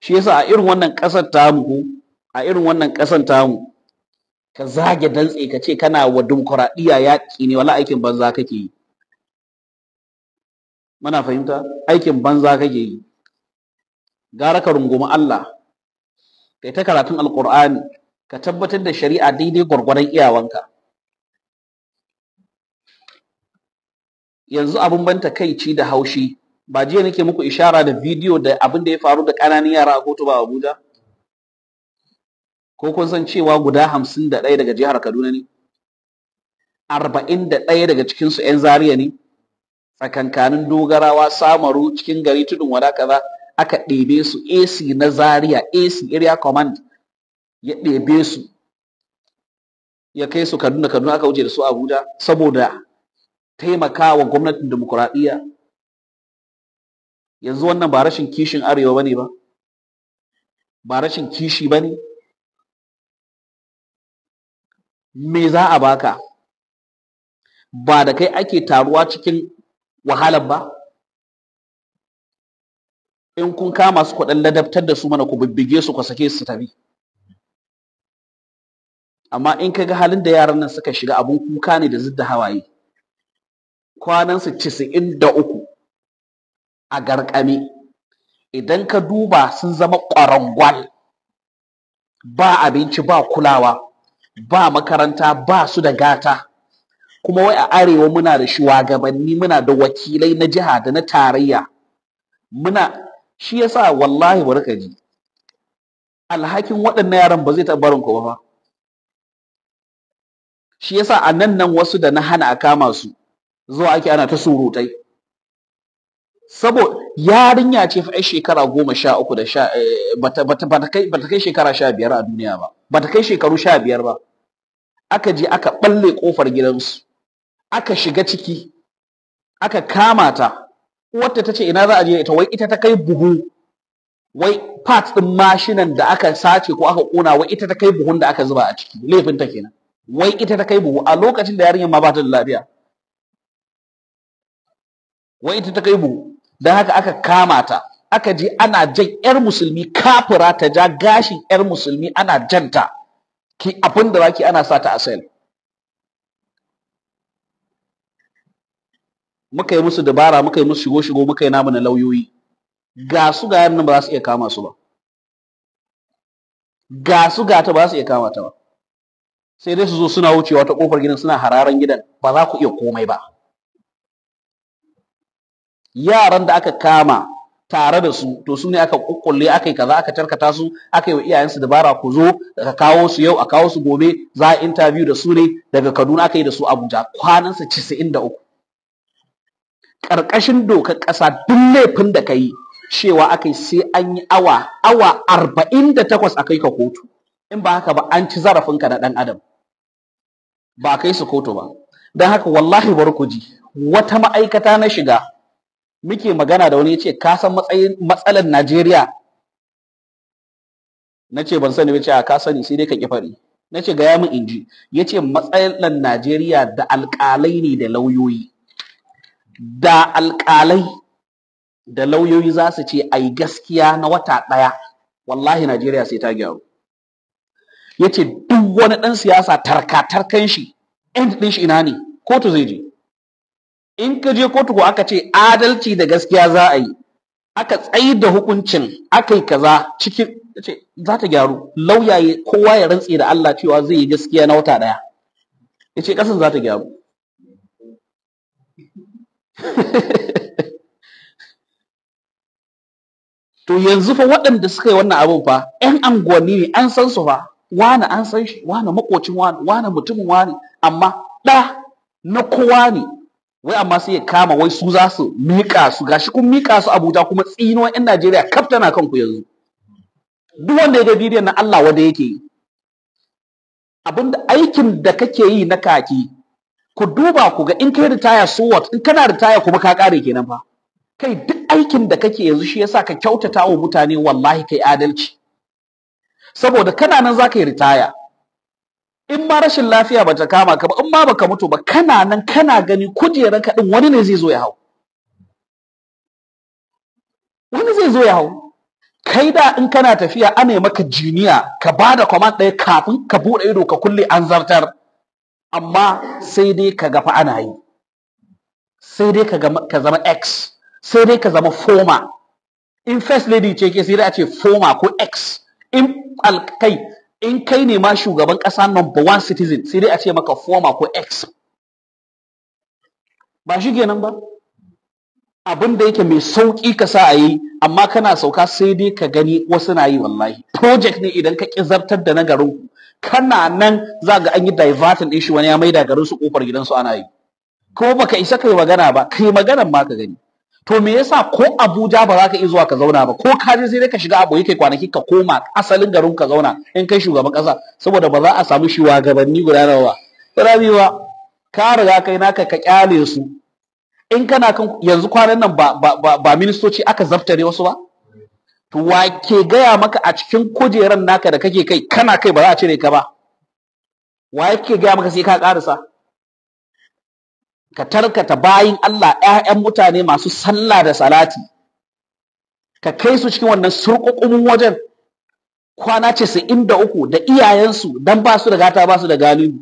shi yasa a irin wannan ƙasar tamu a irin wannan ƙasar tamu ka zage dantse ka ce kana wa dimokuraɗiyya yaƙi ne wala aikin banza kake yi muna fahimta aikin banza kake yi gara ka rungumi Allah kai ta karatun alƙur'ani ka tabbatar da shari'a daidai gwargwaron iyawanka yanzu abin ban takaici da haushi ba jiya nake muku ishara da bidiyo da abin da ya faru da ƙananan yara a kotu ba Abuja ko kun san cewa guda hamsin da ɗaya daga jihar Kaduna ne arba'in da ɗaya daga cikinsu 'yan Zaria ne tsakankanin dogarawa samaru cikin gari tudun wada kaza aka ɗebe su AC na Zaria AC area command ya ɗebe su ya kai su Kaduna Kaduna aka wuce da su Abuja saboda taimakawa gwamnatin demokuraɗiyya yanzu wannan ba rashin kishin arewa ba ne ba ba rashin kishi ba ne. me za a baka ba da kai ake taruwa cikin wahalar ba in kun kama su kuɗin ladabtar da su mana ku bibbige su ku sake su tafi amma in ka ga halin da yaran nan suka shiga abin kuka ne da zidda hawaye kwanansu casa'in da uku a garkame idan ka duba sun zama ƙwarangwal ba abinci ba kulawa ba makaranta ba su da gata kuma wai a arewa muna da shugabanni muna da wakilai na jiha da na tarayya muna shi yasa wallahi barka ji alhakin waɗannan yaran ba zai taɓa ku ba shi yasa a nan nan wasu da na hana a kama su zuwa ake ana ta surutai saboda yarinya ce fa ai shekara goma sha uku da sha eh, bata kai shekara sha biyar a duniya ba bata kai shekaru sha biyar ba aka je aka balle kofar gidansu aka shiga ciki aka kama ta wata ta ce ina za a je ita wai ita ta kai buhu wai parts din mashinan da aka sace ko aka kona wai ita ta kai buhun da aka zuba a ciki laifin ta kenan wai ita ta kai buhu a lokacin da yarinya ma ba ta da lafiya wai ita ta kai buhu don haka aka kama ta aka je ana jan 'yar musulmi kafura ta ja gashin 'yar musulmi ana janta ki abin da baki ana sa ta a sel muka yi musu dabara muka yi musu shigo shigo muka yi namu na lauyoyi ga su ga yannan ba za su iya kama su ba ga su ga ta ba za su iya kama ta ba sai dai su zo suna wucewa ta kofar gidan suna hararan gidan ba za ku iya komai ba yaran da aka kama tare da su to su ne aka kukkulle aka yi kaza aka tarkata su aka yi wa iyayensu dabara ku zo ka kawo su yau a kawo su gobe za a interview da su ne daga Kaduna aka yi da su Abuja kwanansa 93 Ƙarƙashin dokar ƙasa duk laifin da ka yi cewa aka yi sai an yi awa awa 48 a kai ka kotu in ba haka ba an ci zarafinka na ɗan adam ba kai su kotu ba don haka wallahi barkuji wata ma'aikata na shiga muke magana da wani ya ce ka san matsalar Najeriya na ce ban sani wace a ka sani sai dai ka ƙi fari na ce gaya min inji ya ce matsalar Najeriya da alƙalai ne da lauyoyi da alƙalai da lauyoyi za su ce ai gaskiya na wata ɗaya wallahi Najeriya sai ta gyaru ya ce duk wani ɗan siyasa tarka-tarkan shi ɗin shi ina ne kotu zai je in ka je kotu ko aka ce adalci da gaskiya za a yi aka tsayi da hukuncin aka yi kaza cikin ce za ta gyaru lauyaye kowa ya rantse da Allah cewa zai yi gaskiya na wata daya ya ce ƙasar za ta gyaru to yanzu fa waɗanda suka yi wannan abin fa 'yan anguwanni ne an san su fa wani an san shi wani makocin wani wani mutumin wani amma ɗa na kowa ne wai amma sai ya kama wai su za su miƙa su gashi kun miƙa su Abuja kuma tsinuwan 'yan Najeriya kaf tana kan yanzu duk wanda ya ga bidiyon na Allah wanda yake yi abinda aikin da kake yi na kaki ku duba ku ga in kai ritaya so what in kana ritaya kuma ka kare kenan fa kai duk aikin da kake yanzu shi yasa ka kyautata wa mutane wallahi kai adalci saboda kana nan zaka yi ritaya in ma rashin lafiya ba ta kama ka ba in ma baka mutu ba kana nan kana gani kujerar ka din wani ne zai zo ya hau wani zai zo ya hau kai da in kana tafiya ana maka jiniya ka ba da command ɗaya kafin ka buɗe ido ka kulle an zartar amma sai dai ka ga fa ana yi sai dai ka zama x sai dai ka zama former in first lady ce ke sai dai a ce former ko x in alkai in kai ne ma shugaban ƙasa number one citizen sai dai a ce maka former ko ex ba shi kenan ba abin da yake mai sauƙi ka sa a yi amma kana sauka sai dai ka gani wasu na yi wallahi project ne idan ka ƙizartar da na garin kana nan za ga an yi diverting ɗin shi wani ya maida garin su ƙofar gidansu ana yi ko baka isa kai magana ba kai maganan ma ka gani to me yasa ko Abuja ba za ka iya zuwa ka zauna ba ko ka je sai dai ka shiga abu kai kwanaki ka koma asalin garin ka zauna in kai shugaban kasa saboda ba za a samu shi wa gabanni guda nawa ba ka riga kai naka ka kyale su in kana kan yanzu kwanan nan ba ba ba, ministoci aka zaftare wasu ba to wa ke gaya maka a cikin kujeran naka da kake kai kana kai ba za a cire ka ba wa ke gaya maka sai ka karasa ka tarkata bayin Allah ‘ya'yan mutane masu sallah da salati, ka kai su cikin wannan surƙuƙumin wajen kwana ce sa'in da uku da iyayensu don ba su da gata ba su da galibu.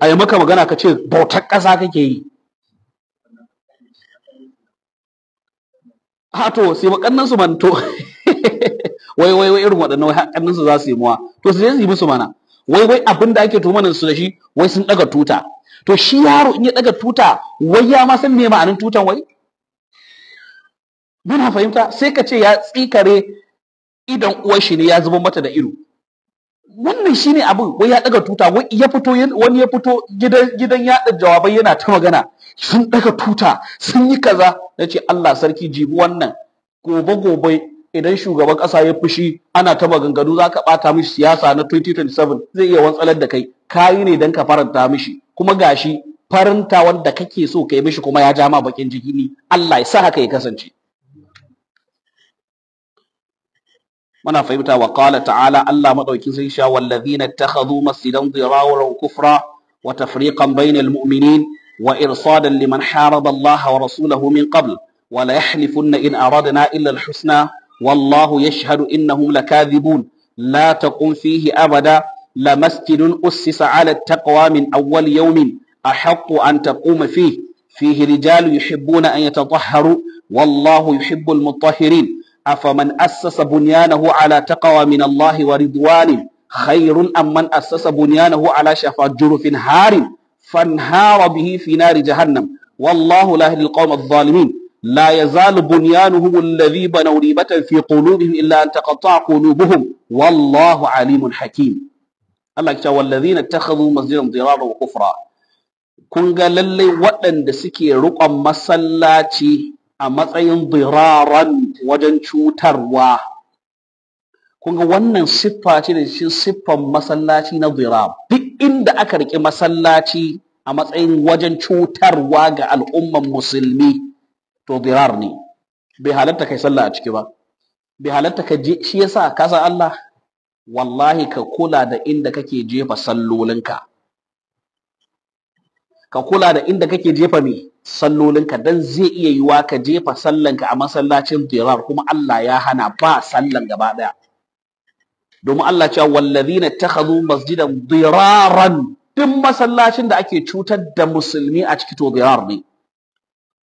A yi maka magana ka ce bautar ƙasa kake yi. Hato, sai makannan su manto, wai wai wai irin waɗannan wai haƙannin su za su yi muwa, to su je su yi musu mana. wai wai abin da ake tumanin su da shi wai sun daga tuta to shi yaro in ya daga tuta wai ya ma san me ma'anin tutan wai muna fahimta sai ka ce ya tsikare idan uwar shi ne ya zuba mata da ido wannan shine abin wai ya daga tuta wai ya fito wani ya fito gidan gidan yaɗa jawabai yana ta magana sun daga tuta sun yi kaza nace Allah sarki jibi wannan gobe gobe idan shugaban ƙasa ya fushi ana ta maganganu za ka ɓata mishi siyasa na 2027 zai iya wantsalar da kai kayi ne don ka faranta mishi kuma gashi faranta wanda kake so ka yi mishi kuma ya ja ma bakin jiki ne Allah ya sa haka ya kasance muna fahimta wa qala ta'ala Allah madaukin sai sha wallazina takhadhu masjidan zirawar kufra wa tafriqan bainal mu'minin wa irsadan liman haraba Allah wa rasulahu min qabl wa la yahlifunna in aradna illa al-husna والله يشهد إنهم لكاذبون لا تقم فيه أبدا لمسجد أسس على التقوى من أول يوم أحق أن تقوم فيه فيه رجال يحبون أن يتطهروا والله يحب المطهرين أفمن أسس بنيانه على تقوى من الله ورضوان خير أم من أسس بنيانه على شفا جرف هار فانهار به في نار جهنم والله لا يهدي القوم الظالمين لا يزال بنيانهم الذي بنوا ريبة في قلوبهم إلا أن تقطع قلوبهم والله عليم حكيم الله كتا والذين اتخذوا مسجدا ضرارا وكفرا كونغا للي ودن دسكي رقا مسلاتي أمتعين ضرارا وجن ترواه kunga wannan siffa ce da cikin siffan masallaci na zira duk inda وجن riƙe masallaci a matsayin to dirar ne bai halatta kai sallah a ciki ba bai halatta ka je shi yasa ka san Allah wallahi ka kula da inda kake jefa sallolinka ka kula da inda kake jefa me sallolinka dan zai iya yiwa ka jefa sallanka a masallacin dirar kuma Allah ya hana ba sallan gaba daya domin Allah cewa wallazina takhadhu masjidan diraran duk masallacin da ake cutar da musulmi a ciki to dirar ne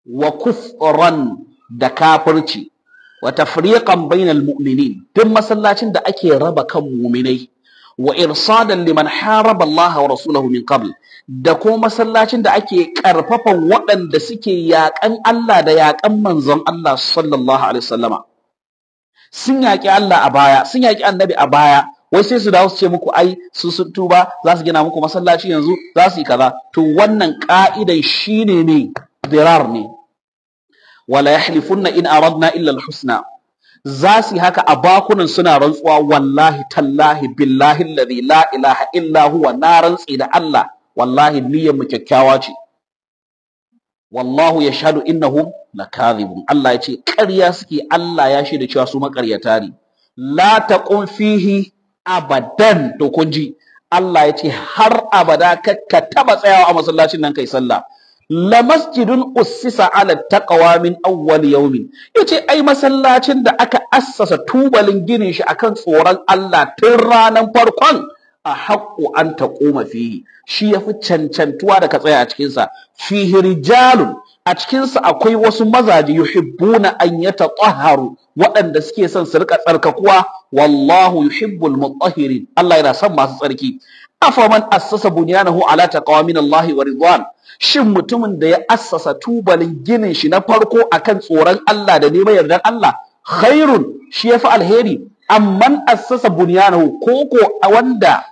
wa kufran da kafirci wa tafriqan bainal mu'minin duk masallacin da ake raba kan mu'minai wa irsadan liman haraba Allah wa Rasuluhu min qabl da ko masallacin da ake karfafan waɗanda suke yaƙan Allah da yaƙan manzon Allah sallallahu alaihi wasallama sun yaƙi Allah a baya sun yaƙi annabi a baya wai sai su dawo su ce muku ai su sun tuba za su gina muku masallaci yanzu za su yi kaza to wannan ƙa'idan shine ne dirar ne wala yahlifunna in aradna illa alhusna za su haka a bakunan suna rantsuwa wallahi tallahi billahi alladhi la ilaha illa huwa na rantsi da Allah wallahi niyyar mu kyakkyawa ce wallahu yashhadu innahum lakadhibun Allah ya ce ƙarya suke Allah ya shaida cewa su makaryata ne la taqum fihi abadan to ji Allah ya ce har abada ka taba tsayawa a masallacin nan kai sallah la masjidun ussisa ala taqwa min awwal yawmin yace ai masallacin da aka assasa tubalin ginin shi akan tsoron Allah tun ranan farkon a haƙƙo an taquma fihi shi yafi cancantuwa da ka tsaya a cikin sa fihi rijalun a cikin sa akwai wasu mazaje yuhibbuna an yatatahharu waɗanda suke son su rika tsarkakuwa wallahu yuhibbul mutahhirin Allah yana son masu tsarki afaman assasa bunyanahu ala taqwa min Allah wa ridwan shin mutumin da ya assasa tubalin ginin shi na farko akan tsoron Allah da neman yardan Allah khairun shi yafi alheri amman assasa bunyanahu koko wanda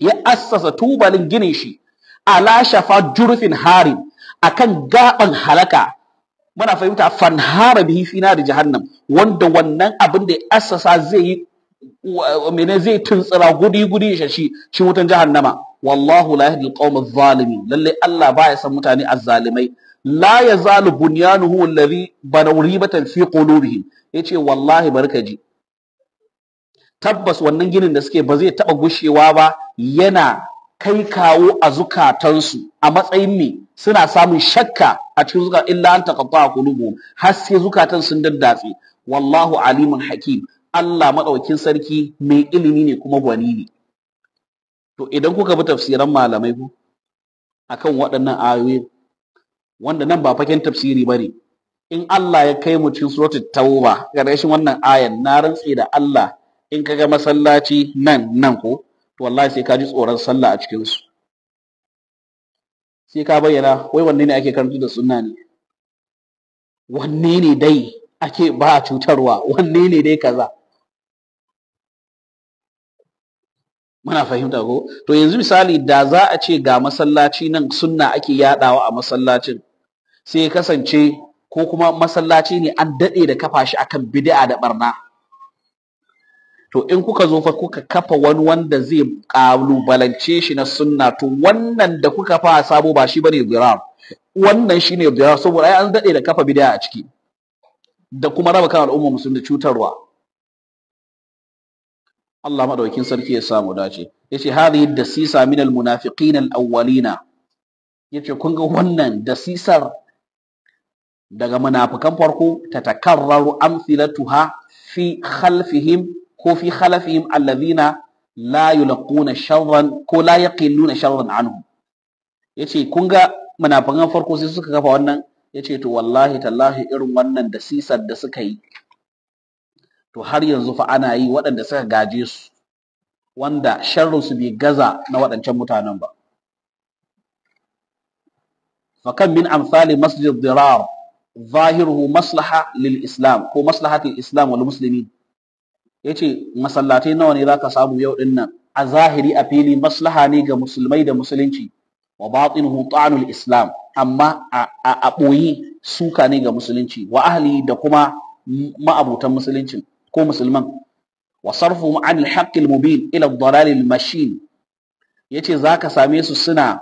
ya assasa tubalin ginin shi ala shafa jurfin harin akan gaban halaka muna fahimta fanhara bihi fi da jahannam wanda wannan abin da ya assasa zai yi mene zai tuntsira gudi gudi shi shi shi wutan jahannama wallahu la yahdi alqawm adh-dhalimin lalle Allah baya san mutane azzalimai la yazalu bunyanuhu alladhi banawribatan fi qulubihim yace wallahi barkaji tabbas wannan ginin da suke ba zai taba gushewa ba yana kai kawo a zukatansu a matsayin me suna samun shakka a cikin zuka illa an taqata qulubuhum har sai zukatan sun daddatse wallahu alimun hakim Allah maɗaukin sarki mai ilimi ne kuma gwani ne. To idan kuka bi tafsiran malamai ku akan waɗannan ayoyin wanda nan ba faken tafsiri ba ne. In Allah ya kai mu cikin suratul Tauba gargashin wannan ayan na rantse da Allah in ka ga masallaci nan nan ko to wallahi sai ka ji tsoron sallah a cikinsu. su. Sai ka bayyana wai wanne ne ake karanta da sunna ne? Wanne ne dai ake ba a cutarwa wanne ne dai kaza muna fahimta ko to yanzu misali da za a ce ga masallaci nan sunna ake yaɗawa a masallacin sai ya kasance ko kuma masallaci ne an daɗe da kafa shi akan bid'a da barna to in kuka zo fa kuka kafa wani wanda zai kalubalance shi na sunna to wannan da kuka fa sabo ba shi bane birar wannan shine birar saboda ai an daɗe da kafa bid'a a ciki da kuma raba kan al'umma musulmi da cutarwa Allah madaukin sarki ya samu dace yace hadhihi dasisa min almunafiqin alawwalina yace kun ga wannan dasisar daga munafikan farko ta takarraru amsilatuha fi khalfihim ko fi khalfihim alladhina la yulquna sharran ko la yaqiluna sharran anhum yace kun ga munafikan farko sai suka kafa wannan yace to wallahi tallahi irin wannan da sisar da suka yi to har yanzu fa ana yi waɗanda suka gaje su wanda sharrinsu bai gaza na waɗancan mutanen ba fakan min amsali masjid dirar zahiruhu maslaha lil islam ko maslahatul islam wal Ya yace masallatai nawa ne zaka samu yau din nan a zahiri a fili maslaha ne ga musulmai da musulunci wa batinuhu ta'anul islam amma a ɓoyi suka ne ga musulunci wa ahli da kuma ma'abutan musuluncin ko musulman wa sarfuhum an al mubin ila ad-dalal al-mashin yace zaka same su suna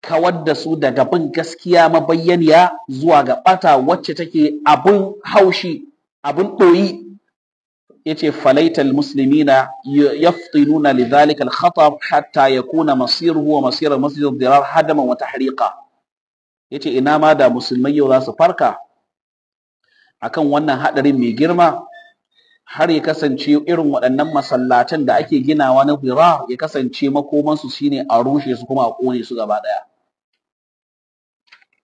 kawar da su daga bin gaskiya mabayyaniya zuwa ga bata wacce take abun haushi abun doyi yace falaital muslimina yaftinuna lidhalika al-khatar hatta yakuna masiruhu wa masir masjid ad-dirar hadaman wa tahriqa yace ina ma da musulmai yau za su farka akan wannan hadarin mai girma har ya kasance irin waɗannan masallatan da ake ginawa na hira ya kasance makomansu shine a rushe su kuma a ƙone su gaba ɗaya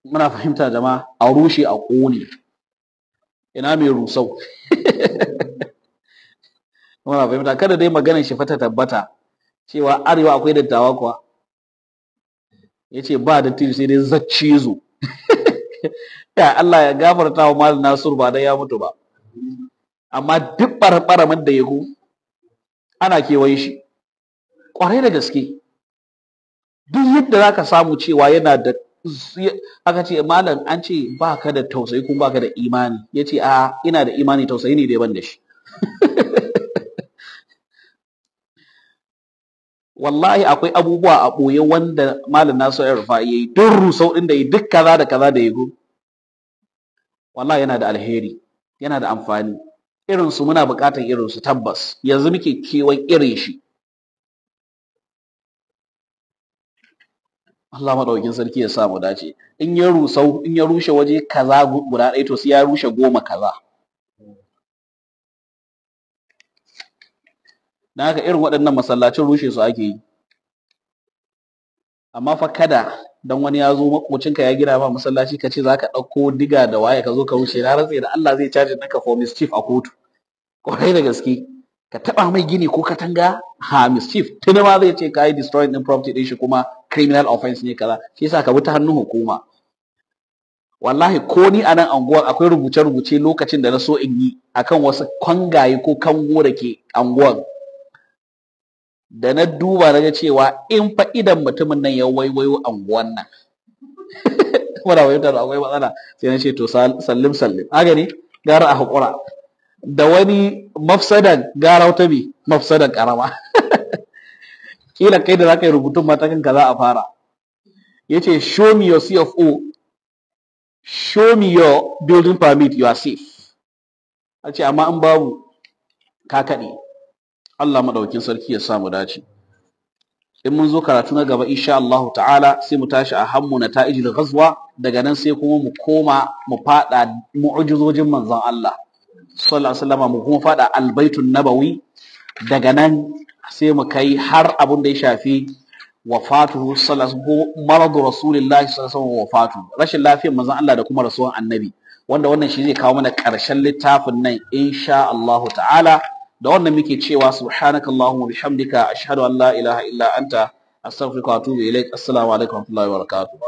muna fahimta jama'a a rushe a ƙone ina mai rusau muna fahimta kada dai maganin shi fata tabbata cewa arewa akwai dattawa kuwa ya ce ba dattijo sai dai zacce zo ya Allah ya gafarta wa malam Nasiru ba dai ya mutu ba amma duk ɓarɓaramin da ya go ana kewaye shi ƙwarai da gaske duk yadda za ka samu cewa yana da aka ce malam an ce ba ka da tausayi kuma ba ka da imani ya ce a ina da imani tausayi ne da ban da shi wallahi akwai abubuwa a ɓoye wanda malam nasu ya rufa ya yi duk rusau ɗin da ya duk kaza da kaza da ya go wallahi yana da alheri yana da amfani Irin su muna buƙatar irinsu tabbas yanzu muke kewan irin shi Allah maɗaukin sarki ya sa mu dace in ya rusau in ya rushe waje kaza guda ɗaya to sai ya rushe goma kaza Na haka irin waɗannan masallacin rushe su ake yi amma fa kada dan wani ya zo makocinka ya gina ma masallaci ka ce za ka ɗauko diga da waye ka zo ka wuce na rantse da Allah zai caji naka for mischief a kotu kwarai da gaske ka taɓa mai gini ko katanga ha mischief tuni ma zai ce ka yi destroying din property din shi kuma criminal offense ne kaza shi yasa ka bi ta hannun hukuma wallahi ko ni a nan anguwar akwai rubuce-rubuce lokacin da na so in yi akan wasu kwangaye ko kango da ke anguwar da na duba na cewa in fa idan mutumin nan ya waiwayo nguwan nan muna da akwai matsala sai na ce to sallim sallim haka ne gara a haƙura da wani mafsadan gara wata bi mafsadan ƙarama. kila kai da ka yi rubutun matakan ka za a fara Ya ce show me your CFO show me your building permit you are safe a ce amma in babu ka kaɗe Allah madaukin sarki ya samu dace in mun zo karatu na gaba insha Allahu ta'ala sai mu tashi a hammu na ta'ijil ghazwa daga nan sai kuma mu koma mu fada mu'ujizojin manzon Allah sallallahu alaihi wasallam mu kuma fada albaitun nabawi daga nan sai mu kai har abun da ya shafi wafatuhu sallallahu maradu rasulillahi sallallahu alaihi wafatu rashin lafiyar manzon Allah da kuma rasuwan annabi wanda wannan shi zai kawo mana ƙarshen littafin nan insha ta'ala da wannan muke cewa subhanakallahumma bihamdika ashhadu an la ilaha illa anta astaghfiruka wa atubu ilaik assalamu alaikum wa rahmatullahi wa barakatuh